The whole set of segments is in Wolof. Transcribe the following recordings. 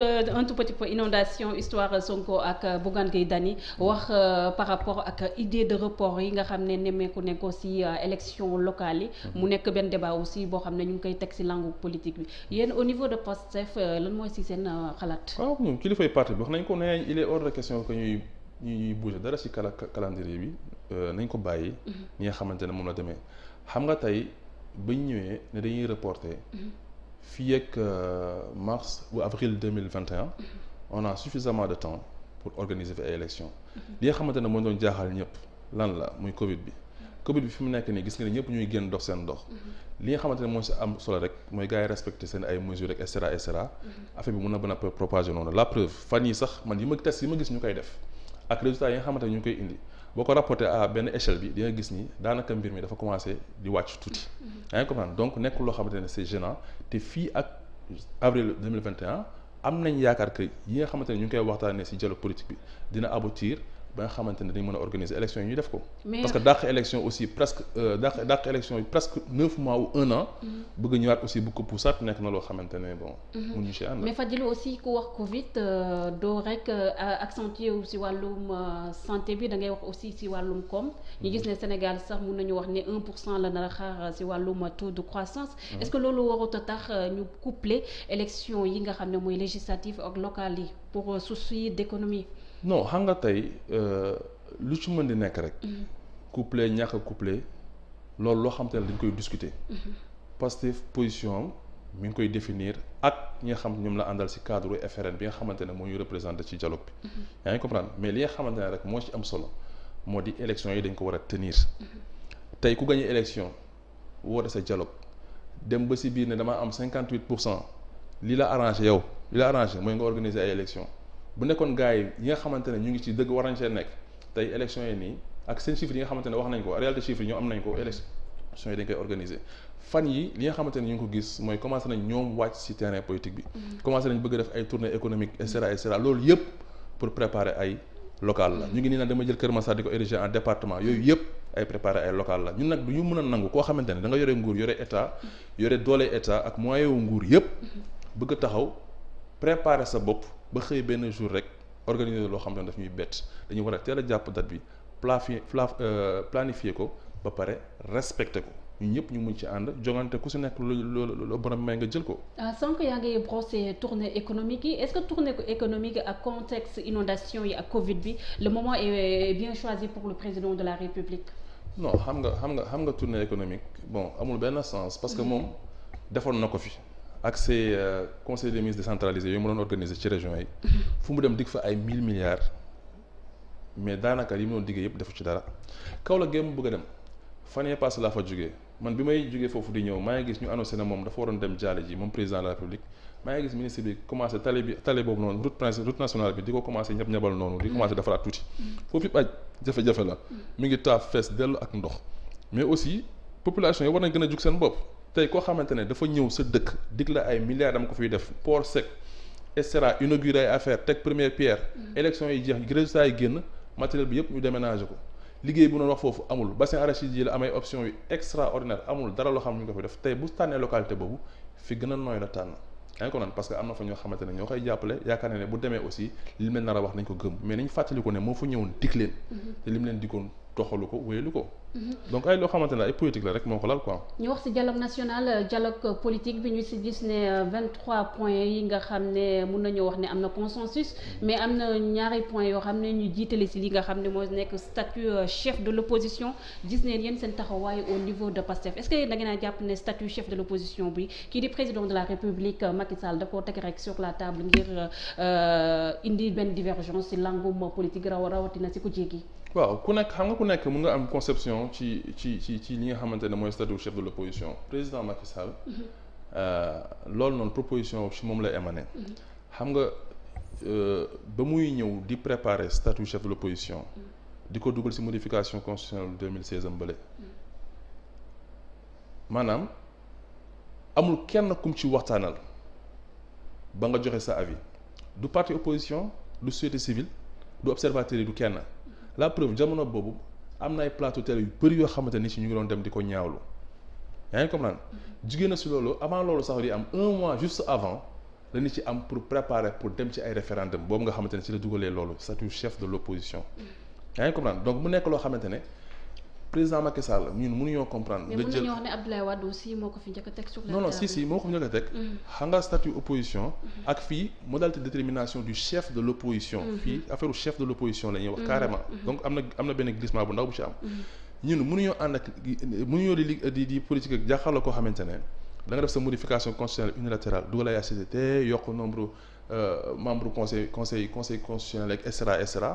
Euh, un tout petit peu inondation histoire Sonko ak euh, Bougane Gueye Dany wax euh, par rapport ak idée de report yi nga xam ne nemmeeku nekk aussi élection locale yi mhm. mu nekk benn débat aussi boo xam ne ñu ngi koy teg ci langue politique bi yéen au niveau de Pastef lan mooy ci seen xalaat waaw moom kilifay parti bi wax nañ ko nee il est hors de question que ñuy ñuy bouger nañ ko bàyyi ñi mhm. nga xamante ne moom la demee xam nga tey bañ ñëwee ne dañuy reporter mhm. fii ak euh, mars ou avril deux mille vingt et un on a suffisamment de temps pour organiser fi ay élections mhm. li nga xamante ne moo doon jaaxal ñëpp lan la muy Covid bi. Covid bi fi mu nekk nii gis nga ne ñëpp ñuy génn dox seen dox. Mhm. li nga xamante ne moo si am solo rek mooy gars yi respecté seen ay mesures rek et cetera et mhm. bi mun na mën a propager noonu la preuve fan yi sax man yi ma test yi ma gis ñu koy def ak résultats yi nga xamante ne ñu ngi koy indi. boo ko rapporté à benn échelle bi di nga gis ni daanaka mbir mi dafa commencé di wàcc tuuti. Mhm. yaa ngi comprendre donc nekkul loo xamante ne c'est gênant te fii ak avril 2021 am nañ yaakaar que yi nga xamante ne ñu ngi koy waxtaanee ci dialogue politique bi dina aboutir. ba nga xamante ne dañu mën a organiser élection yi ñu def ko. parce dàq élection aussi presque euh, dàq dàq yi presque neuf mois ou un an. Mm-hmm. bëgg a ñëwaat aussi bu ko pusaat nekk na loo xamante ne bon. mun ñu si ànd. mais Fadilou aussi ku wax Covid euh, doo rek euh, accentuer wu si wàllum santé bi dangay ngay wax aussi si wàllum koom. Mm-hmm. ñu gis ne Sénégal sax mun nañu wax ne un pour cent la nar a xaar si wàllum taux de croissance. Mm-hmm. est ce que loolu warut a tax ñu coupler élection yi nga xam ne mooy législative ak locale yi non xam nga tey euh, lu su mën di nekk rek. Mm-hmm. couplé ñàkk a loolu loo xam te ne dañ koy discuter. Mm-hmm. Pastef position am mi ngi koy définir ak ñi nga xam ñoom la àndal ci cadre FRN bi nga xamante ne moo ñu représenté ci dialogue bi. Mm-hmm. mais li nga xamante ne rek moo ci am solo moo di élection yi dañ ko war a tenir. tey ku gagné élection woote sa dialogue dem ba ci biir ne dama am cinquante huit pour cent li la arrangé yow li la arrangé mooy nga organiser ay élection bu nekkoon gars yi yi nga xamante ne ñu ngi ci dëgg war nañ see nekk tey élection yi nii ak seen chiffres yi nga xamante ne wax nañ ko réalité chiffres yi ñoo am ko élection yi dañ koy yi li nga xamante ne ñu ngi ko gis mooy commencé nañ ñoom wàcc ci terrain politique bi mm-hmm. commencé nañ bëgg def ay tournée économique et cetera loolu yëpp pour préparer ay local la ñu ngi nii naan dama jël Kër Massar di ko ériger en département yooyu yëpp ay préparer ay local la ñun nag du ñu mën a nangu koo xamante ne da nga yore nguur yore mm-hmm. yore doole état ak moyen wu nguur yëpp mm-hmm. bëgg taxaw préparer sa bopp ba xëy benn jour rek organiser loo xam ne daf ñuy bett dañu war a teel a jàpp date bi planifier euh, planifier ko ba pare respecter ko ñun ñëpp ñu mun ci ànd jongante ku si nekk lu lu borom may nga jël ko. ah sànq yaa ngi brosser tournée économique yi est-ce que tournée économique ak contexte inondation yi ak Covid bi le moment est bien choisi pour le président de la République. non xam nga xam nga xam nga tournée économique bon amul benn sens parce que mhm. moom defoon na ko fi. ak ces euh, conseil des ministres décentralisés yooyu mu doon organiser ci région yi mhm. fu mu dem dig fa ay mille milliards mais daanaka yi mu doon diggee yëpp defu ci dara Kaolack gee mu bëgg a dem fan yee passé laa fa jógee man bi may jógee foofu di ñëw maa ngi gis ñu annoncé na moom dafa waroon dem jaale ji moom président de la république maa ngi gis ministre bi commencé tali bi tali boobu noonu route principale route nationale bi di ko commencé ñëpp ñabal noonu di mhm. commencé defaraat mhm. foofu yëpp aj jafe mi ngi taaf fees dellu ak ndox mais aussi population yi war nañ gën a jug seen bopp tey koo xamante ne dafa ñëw sa dëkk dig la ay milliards dama ko fiy def port sec et cetera inauguré ay affaire teg première pierre mm. élection yi jeex résultat yi génn matériel bi yëpp ñu déménager ko liggéey bu noonu wax foofu amul bassin arachide yi la amay option yu extraordinaire amul dara loo xam ne ñu ko fi def tey bu tànnee localité boobu fi gën a nooy la tànn yaa ngi ko naan parce am na fa ñoo xamante ne ñoo koy jàppale yaakaar ne ne bu aussi li mel nar a wax nañ ko gëm mais nañ fàttali ko ne moo fa ñëwoon leen mm-hmm. te li mu leen digoon doxalu ko ko Mhm. donc ay loo xamante ne ay politique la rek moo ko lal quoi. ñu wax ci dialogue national euh, dialogue euh, politique bi ñu si gis ne 23 euh, points yi nga xam ne mun nañoo wax ne am na consensus mhm. mais am na ñaari point yoo xam ne ñu jiitale si li nga xam ne moo nekk statut chef de l'opposition gis neen yéen seen taxawaay au niveau de PASTEF est-ce que da ngeen a jàpp ne statut chef de l'opposition bi kii di président de la République Macky Sall da koo teg rek sur la table ngir ci langum politique raw rawatina ci ku waaw ku nekk xam nga ku nekk mën nga am conception ci ci ci ci li nga xamante ne mooy statut chef de l'opposition président Macky Sall mhm. euh, loolu noonu proposition ci moom lay émané mhm. xam nga euh, ba muy ñëw di préparer statut chef de l'opposition mhm. di ko dugal ci modification constitutionnelle 2016 am bële maanaam amul kenn kum ci waxtaanal ba nga joxe sa avis du parti opposition du société civile du observateur du kenn la preuve jamono boobu am na ay plateau télé yu bëri yoo xamante ni si ñu ngi doon dem di ko ñaawlu yaa ngi comprendre jigéen na si loolu avant loolu sax di am un mois juste avant la ñu ci am pour préparer pour dem ci ay référendum boobu nga xamante ne si la dugalee loolu statut chef de l'opposition mm. yaa ngi comprendre donc mu nekk loo xamante ne président Macky Sall ñun mënuñoo comprendre. nga jël mais mën si si moo ko fi njëkk teg. Mm-hmm. xam nga opposition. Mm-hmm. ak fii modalité détermination du chef de l' opposition. Mm-hmm. fii affaire chef de l' opposition la ñuy wax carrément. donc am na am benn glissement bu ndaw bu ci am. ñun mënuñoo ànd ak mënuñoo di di di politique ak jàkkaarloo koo xamante ne da nga def sa modification constitutionnelle unilatérale dugal ay HCCT yokk nombre euh, membre conseil conseil conseil constitutionnel ak et cetera et cetera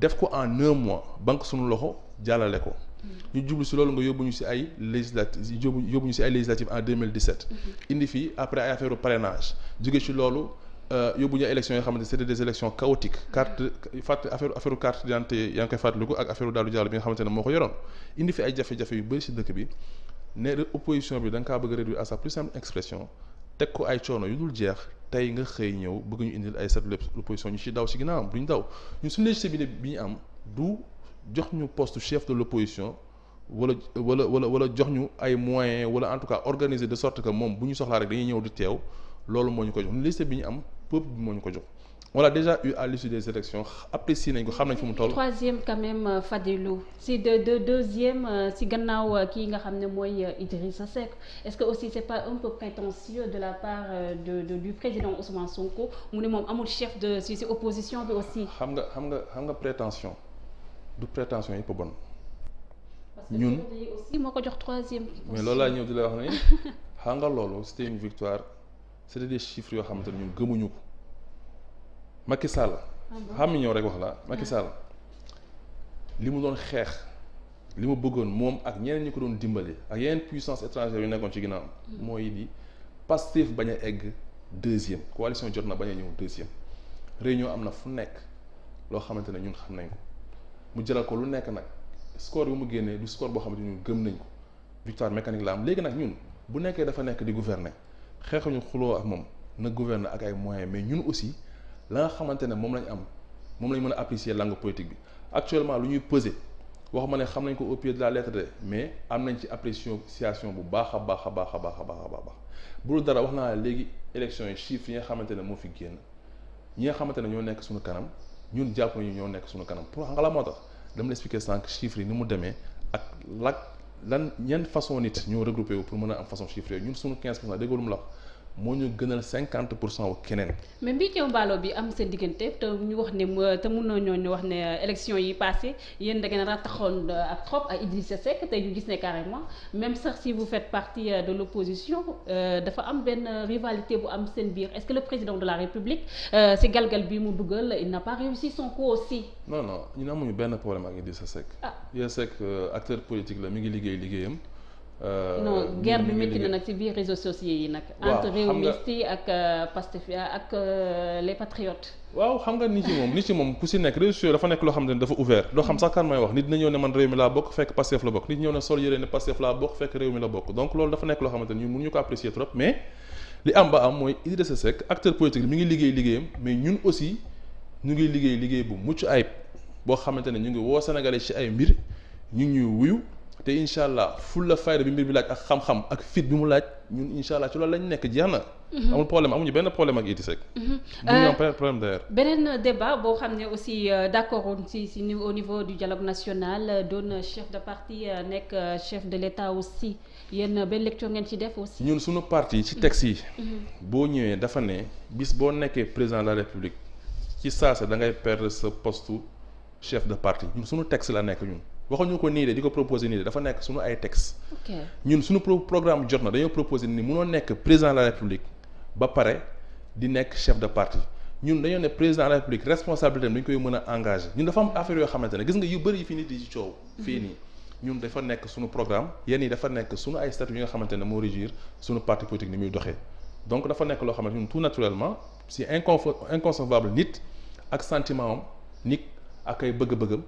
def ko en un mois banque suñu loxo jàllale ko. Mm. ñu jublu si loolu nga yóbbu ñu si ay législatives yóbbu ñu si ay législatives en 2017. Mm-hmm. indi fii après ay affaire parrainage jóge ci loolu euh, yóbbu ñu ay élections yoo xamante ne c'était des élections chaotiques mm-hmm. carte fàtt affaire affaire carte d'identité yaa ngi koy fàttaliku ak affaire Daalu Diallo bi nga xamante ne moo ko yoroon indi fi ay jafe-jafe yu bëri si dëkk bi ne opposition bi da nga kaa bëgg a réduire à sa plus simple expression. teg ko ay coono yu dul jeex tey nga xëy ñëw bëgg ñu indil ay chef de l'opposition ñu ci daw ci ginnaawam duñ daw ñun suñu légitimité bi ñu am du jox ñu post chef de l'opposition wala wala wala wala jox ñu ay moyens wala en tout cas organiser de sorte que moom bu ñu soxlaa rek dañuy ñëw di teew loolu moo ñu ko jox légitimité bi ñu am peuple bi moo ñu ko jox on l'a déjà eu à l'issue des élections apprécié nañ ko xam nañ fu mu toll. troisième quand même euh, Fadilou si de de deuxième euh, si gannaaw euh, kii nga xam ne mooy sa Seck est-ce que aussi c'est pas un peu prétentieux de la part de de du président Ousmane Sonko mu ne moom amul chef de si si opposition bi aussi. xam nga xam nga xam nga prétention du prétention yëpp a bon. ñun aussi moo ko jox troisième. mais loolu laa ñëw di la wax ni xam nga loolu c'était une victoire c'était yoo xamante ne ñun gëmuñu ko. Macky Sall. Ah xam nga ñëw rek wax la Macky ah. Sall li mu doon xeex li mu bëggoon moom ak ñeneen ñi ko doon dimbale ak yeneen puissance étrangère yu nekkoon ci ginnaaw mm. mooy di Pastef bañ a egg deuxième coalition jot na bañ a ñëw deuxième réunion am na fu nekk loo xamante ne ñun xam nañ ko mu jëlal ko lu nekk nag score bi mu génnee du score boo xam xamante ñun gëm nañ ko victoire mécanique la am léegi nag ñun bu nekkee dafa nekk di gouverner xeexuñu xuloo ak moom na gouverner ak ay moyens mais ñun aussi la nga xamante ne moom lañu am moom lañ mën a apprécier langue politique bi actuellement lu ñuy peser wax ma ne xam nañ ko au pied de la lettre de mais am nañ ci appréciation bu baax a baax a baax a baax a baax a baax bu dara wax naa léegi élection yi chiffres yi nga xamante ne moo fi génn ñi nga xamante ne ñoo nekk suñu kanam ñun jàpp nañu ñoo nekk suñu kanam pour nga la moo tax dama la expliquer sànq chiffres yi ni mu demee ak lak lan ñenn façon nit ñoo regroupé wu pour a am façon ñun suñu 15 pour cent déggoo la moo ñu gënal cinquante pour cent wu keneen. mais bii Mbicé bi am seen diggante te ñu wax ne te mun nañoo ñu wax ne élection yi passé yéen da ngeen rattaxoon ak euh, trop ak Idrissa ne carrément même sax si vous faites partie euh, de l' opposition euh, dafa am benn rivalité bu am seen biir est ce la république si galgal bi mu dugal il n'a pas réussi son coup aussi. benn problème ak Idrissa Seck. ah Idrissa Seck acteur politique la mu ngi liggéey liggéeyam. Euh, non guerre bi métti na nag ci biir réseaux sociaux yi nag. entre réewmiste yi ak euh, Pastef ak euh, les patriotes. waaw xam nga nit yi moom nit yi moom ku si nekk réseaux dafa nekk loo xam ne dafa ouvert doo xam sax kan may wax nit dina ñëw ne man réew mi laa bokk fekk Pastef la bokk nit ñëw ne sol yére ne Pastef laa bokk fekk réew mi la bokk donc loolu dafa nekk loo xamante ni ñun mënuñu ko apprécier trop mais li am ba am mooy Idrissa Seck acteur politique mi ngi liggéey liggéeyam mais mucc boo xamante ne ñu ngi woo sénégalais ci ay mbir ñu ngi ñuy te incha allah fulla fayda bi mbir bi laaj ak xam-xam ak fit bi mu laaj ñun incha allah ci loolu lañ nekk jeex na. Mhm. amul problème amuñu benn problème ak Idy Seck. Mhm. du ñu euh, am problème d'ailleurs. beneen débat boo xam ne aussi euh, d'accord ci ci au niveau du dialogue national euh, doon chef de parti nekk chef de l'État aussi yéen benn lecture ngeen ci def aussi. ñun suñu parti ci texte yi. Mhm. boo ñëwee dafa ne bis boo nekkee président de la république ci saasa da ngay perdre sa poste chef de parti ñun suñu texte la nekk ñun. waxuñu ko nii de di ko proposer nii de dafa nekk suñu ay texte ñun suñu programme jot na dañoo proposer ni munoo nekk président la république ba pare di nekk chef de parti ñun dañoo ne président de la république responsabilité am dañ koy mën a engagé ñun dafa am affaire yoo xamante ne gis nga yu bëri yi fi nit di coow. fii nii mhm. ñun dafa nekk suñu programme yenn yi dafa nekk suñu ay statut yi nga xamante ne moo régir suñu parti politique ni muy doxee donc dafa nekk loo xamante ñun tout naturellement si inconcevable nit ak sentiment am ak ay bëgg-bëggam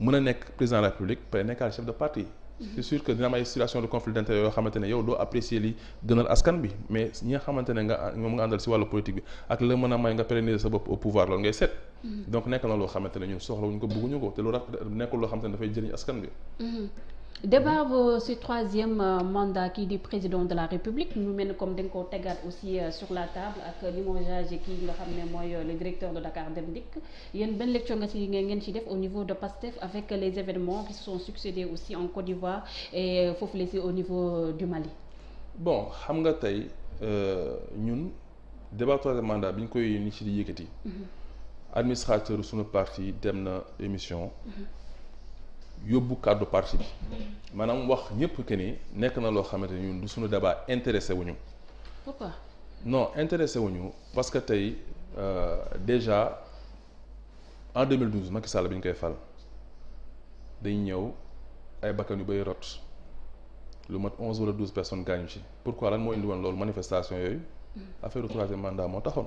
mun a nekk président de la république pare nekkaat chef de parti. Mhm. c'est sûr que dina am ay situation de conflit d'intérêt yoo xamante ne yow doo apprécier li gënal askan bi mais ñi nga xamante ne nga moom nga àndal si wàllu politique bi ak la mën a may nga pérenniser bopp pouvoir loolu ngay seet. Mhm. donc nekk na loo xamante ne ñun soxlawuñu ko bëgguñu ko te loolu nekkul loo xamante dafay jëriñ askan bi. Mhm. débat si troisième euh, mandat kii di président de la république mu mel ni comme da nga koo tegaat aussi euh, sur la table ak limogeage kii nga xam ne mooy euh, le directeur de Dakar Dem Dikk yéen benn lecture nga si ngeen si def au niveau de PASTEF avec les événements qui se sont aussi en Côte d'Ivoire et foofu la si au niveau du Mali. bon xam nga tey ñun débat troisième mandat bi ñu koy ni si di yëkkati. Mhm. administrateur suñu parti dem na émission. Mhm. yóbbu kàddu parti bi maanaam wax ñëpp que ni nekk na loo xamante ni ñun suñu débat intéressé wuñu pourquoi non intéressé wuñu parce que tey euh, déjà en 2012 Macky Sall bi ñu koy fal dañ ñëw ay bakkan yu bay rot lu mat 11 wala 12 personnes gaañu ci pourquoi lan moo indi woon loolu manifestation yooyu mm. affaire troisième mandat moo taxoon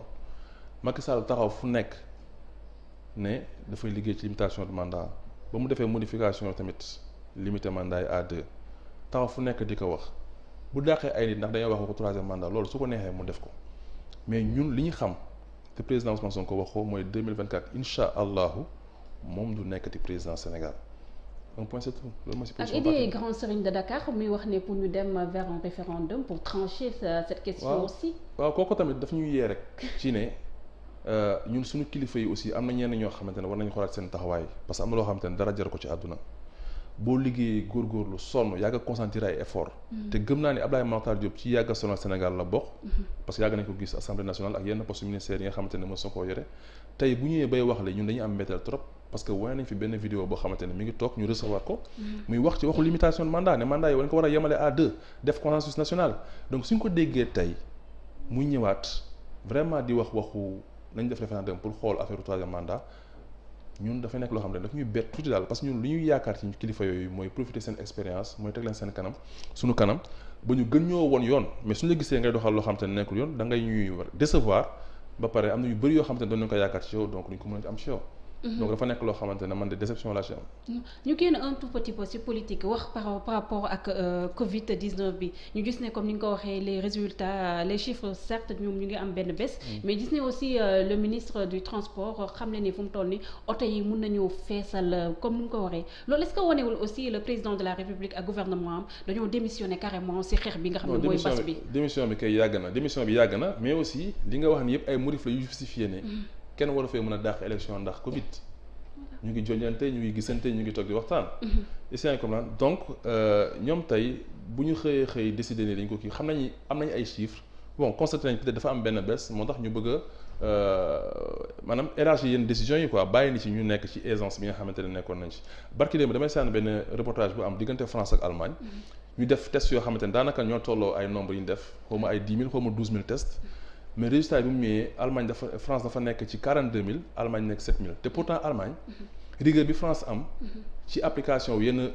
Macky Sall taxaw fu nekk ne dafay liggéey ci limitation de mandat ba mu defee modification tamit limité mandat yi à deux taxaw fu nekk di ko wax bu dàqee ay nit ndax dañoo wax ko troisième mandat loolu su ko neexee mu def ko mais ñun li ñu xam te président Ousmane Sonko wax ko mooy 2024 incha allahu moom du nekkati président Sénégal un point c'est tout loolu mooy si ak idée grand serigne de Dakar muy wax ne pour ñu dem vers un référendum pour trancher cette question aussi waaw kooku tamit daf ñuy yee rek ci ne Euh, ñun suñu kilifa yi aussi am na ñenn ñoo xamante ne war nañu xoolaat seen taxawaay parce que am na loo xamante ne dara jar ko ci àdduna boo liggéeyee góorgóorlu sonn yàgg a effort mm. te gëm naa ne Abdoulaye Makhtar Diop ci yàgg a Sénégal la bokk mm-hmm. parce yàgg nañ ko gis assemblée nationale ak yenn poste ministère yi nga xamante ne mos na koo yore tey bu ñëwee bay wax la ñun dañuy am méttal trop parce que nañ fi benn vidéo boo xamante ne mi ngi toog nañu def référendum pour xool affaire troisième mandat ñun dafay nekk loo xam ne daf ñuy bett tuuti daal parce que ñun li ñuy yaakaar ci kilifa yooyu mooy profiter seen expérience mooy teg leen seen kanam suñu kanam ba ñu gën ñoo won yoon mais suñu la gisee ngay doxal loo xam te ne nekkul yoon da ngay ñuy décevoir ba pare am na yu bëri yoo xam te ne doon nañ ko yaakaar ci yow donc duñ ko mën a am ci yow Mhm. donc dafa nekk loo xamante ne man de déception laa ci am. ñu génn un tout petit peu ci politique wax par par rapport ak euh, Covid 19 bi ñu gis ne comme ni nga ko waxee les résultats les chiffres certes ñoom ñu ngi am benn baisse. Mhm. mais gis ne aussi euh, le ministre du transport xam ne ni fu mu toll ni oto yi mun nañu feesal euh, comme ni nga ko waxee loolu le président de la république ak gouvernement am dañoo démissionné carrément ci xeex bi nga xam ne mooy bas bi démission kenn waru fee mën a dàq élection ndax Covid. ñu ngi joñante ñu ngi gisante ñu ngi toog di waxtaan. Mm-hmm. est donc euh, ñoom tey bu ñu xëyee xëy décider ni dañ ko kii xam nañu am nañ ay chiffres bon constaté nañ dafa am benn baisse moo tax ñu bëgg a euh, maanaam élargir yenn décisions yi quoi bàyyi ni ñu nekk ci aisance bi nga xamante ne nekkoon nañ ci. barki démb damay sànni benn reportage bu am diggante France ak Allemagne. Mm-hmm. ñu def test yoo xamante daanaka ñoo tolloo ay nombre yu ñu def xaw ma ay dix mille mais résultat bi mu ñëwee Allemagne dafa France dafa nekk ci quarante deux mille Allemagne nekk sept mille te pourtant Allemagne mhm. rigueur bi France am mhm. ci application yenn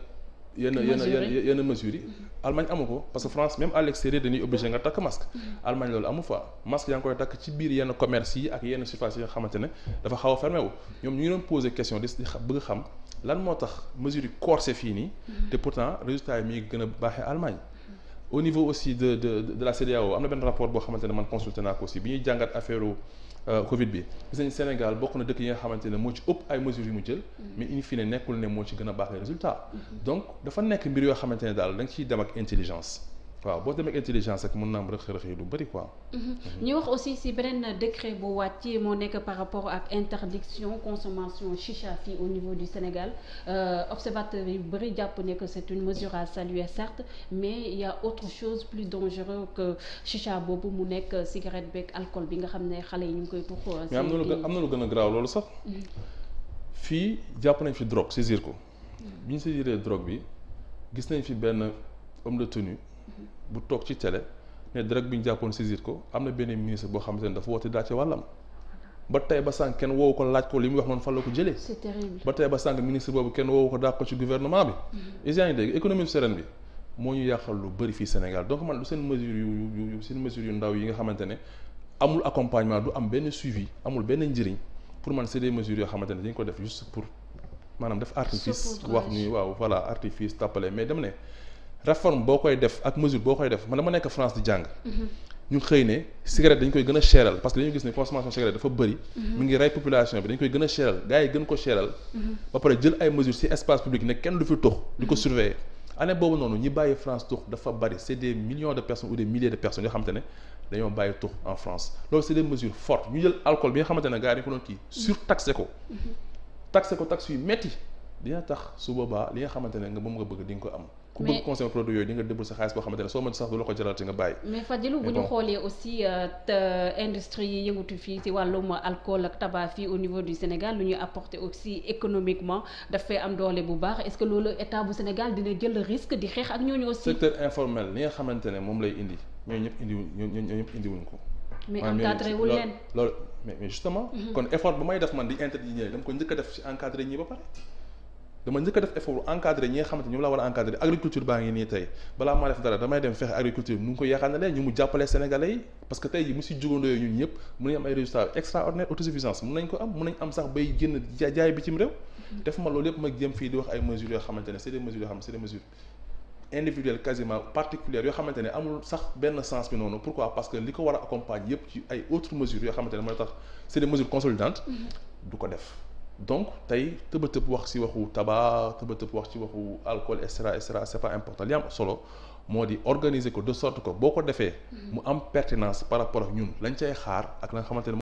yenn yenn yenn mesures yi mhm. Allemagne amu ko parce que France même à l'extérieur dañuy obligé nga takk masque Allemagne loolu amu fa masque yaa ngi koy takk ci biir yenn commerce yi ak yenn surface yi nga xamante ne dafa xaw a fermé wu ñoom ñu ngi doon posé question di bëgg xam lan moo tax mesures yi corsé fii nii te pourtant résultat yi mi ngi gën a baaxee Allemagne au niveau aussi de de de la CEDEAO am na benn rapport boo xamante ne man consulté naa ko aussi bi ñuy jàngat affaire euh, Covid bi gis Sénégal bokk na dëkk yi nga xamante ne moo ci ëpp ay mesures yu mu jël. mais in nekkul ne moo ci gën a baax les résultats. Mm-hmm. donc dafa nekk mbir yoo xamante ne daal da ciy dem ak intelligence. waaw boo demee intelligence ak mun naa am rëq-rëq yi lu bëri quoi. Mhm. Mhm. ñu wax aussi si beneen décret bu wàcc moo nekk par rapport ak interdiction consommation chicha fii au niveau du Sénégal euh, observateur yi bëri jàpp ne que c' est une mesure à saluer certes mais il y a autre chose plus dangereux que chicha boobu mu nekk cigarette beeg alcool bi nga xam ne xale yi ñu ngi koy tuxu. Euh, mais am na lu gën am na lu a graaw loolu sax. Mhm. fii jàpp nañ fi drogue saisir ko. bi ñu saisiree drogue bi gis nañ fi benn homme de bu toog ci télé ne direct bi ñu jàppoon saisir ko am na benn ministre boo xamante ne dafa woote daa ci wàllam ba tey ba sànq kenn woowu ko laaj ko li mu wax noonu fan la ko jëlee. c'est terrible ba tey ba sànq ministre boobu kenn woowu ko daa ko ci gouvernement bi. Mm-hmm. is yaa ngi dégg économie sereine bi moo ñu yàqal lu bëri fii Sénégal donc man lu seen mesure yu seen mesure yu ndaw yi nga xamante ne amul accompagnement du am benn suivi amul benn njëriñ pour man c'est des mesures yoo xamante ne dañ ko def juste pour maanaam def artifice. wax ni waaw voilà artifice tàppale mais dem ne. réforme boo koy def ak mesure boo koy def man dama nekk France di jàng. Mhm. ñu xëy ne cigarette dañ koy gën a cheral parce que dañu gis ne consommation cigarette dafa bëri. mu mhm. bi a ko cheral. Mhm. ba pare jël ay mesures ci espace public ne kenn du fi tux di ko surveiller. année boobu noonu ñi bàyyi France tux dafa bëri c' est des de personnes ou des milliers de personnes yoo xamante ne dañoo bàyyi tux en France loolu c' est des mesures ñu jël alcool bi nga xamante ne gars yi dañu ko doon tax yu métti dina tax su boobaa li nga xamante ne nga moom nga bëgg di nga ko am. ku bëgg consommer produit yooyu di nga débul xaalis boo xamante ne soo mën sax du la ko jaralati nga bàyyi mais Fadilou bu ñu xoolee aussi euh, industrie yi yëngatu fii ci wàllum alcool ak tabac fii au niveau du Sénégal lu ñuy apporter aussi économiquement dafay am doole bu baax est-ce que loolu état bu Sénégal dina jël risque di xeex ak ñooñu aussi secteur informel li nga xamante ne moom lay indi ñooñu ñëpp indiwuñ ñooñu ñëpp indiwuñ ko mais encadré wul leen loolu dama njëkk a def effort encadré ñi nga xamante ñoom laa war a encadré agriculture baa ngi nii tey balaa maa def dara damay dem fexe agriculture nu ngi koy yaakaar ne leen ñu mu jàppale sénégalais yi parce que tey ji mu si jugandoo ñun ñëpp mun nañ am ay résultats extraordinaire autosuffisance mun nañ ko am mun nañ am sax bay génn jaay bitim réew mhm. def ma loolu yëpp ma jëm fii di wax ay mesures yoo xamante ne c'est des mesures yoo xam c'est des mesures individuelles quasiment particulières yoo xamante ne que li ko war a accompagner yëpp ci ay autres mesures yoo xamante ne mhm. ko def donc tey tëba wax ci waxu tabac tëba tëb wax ci waxu alcool et cetera et c'est pas important li am solo moo di organiser ko de sorte que boo ko defee. mu am pertinence par rapport ak ñun lañ cay xaar ak la nga ne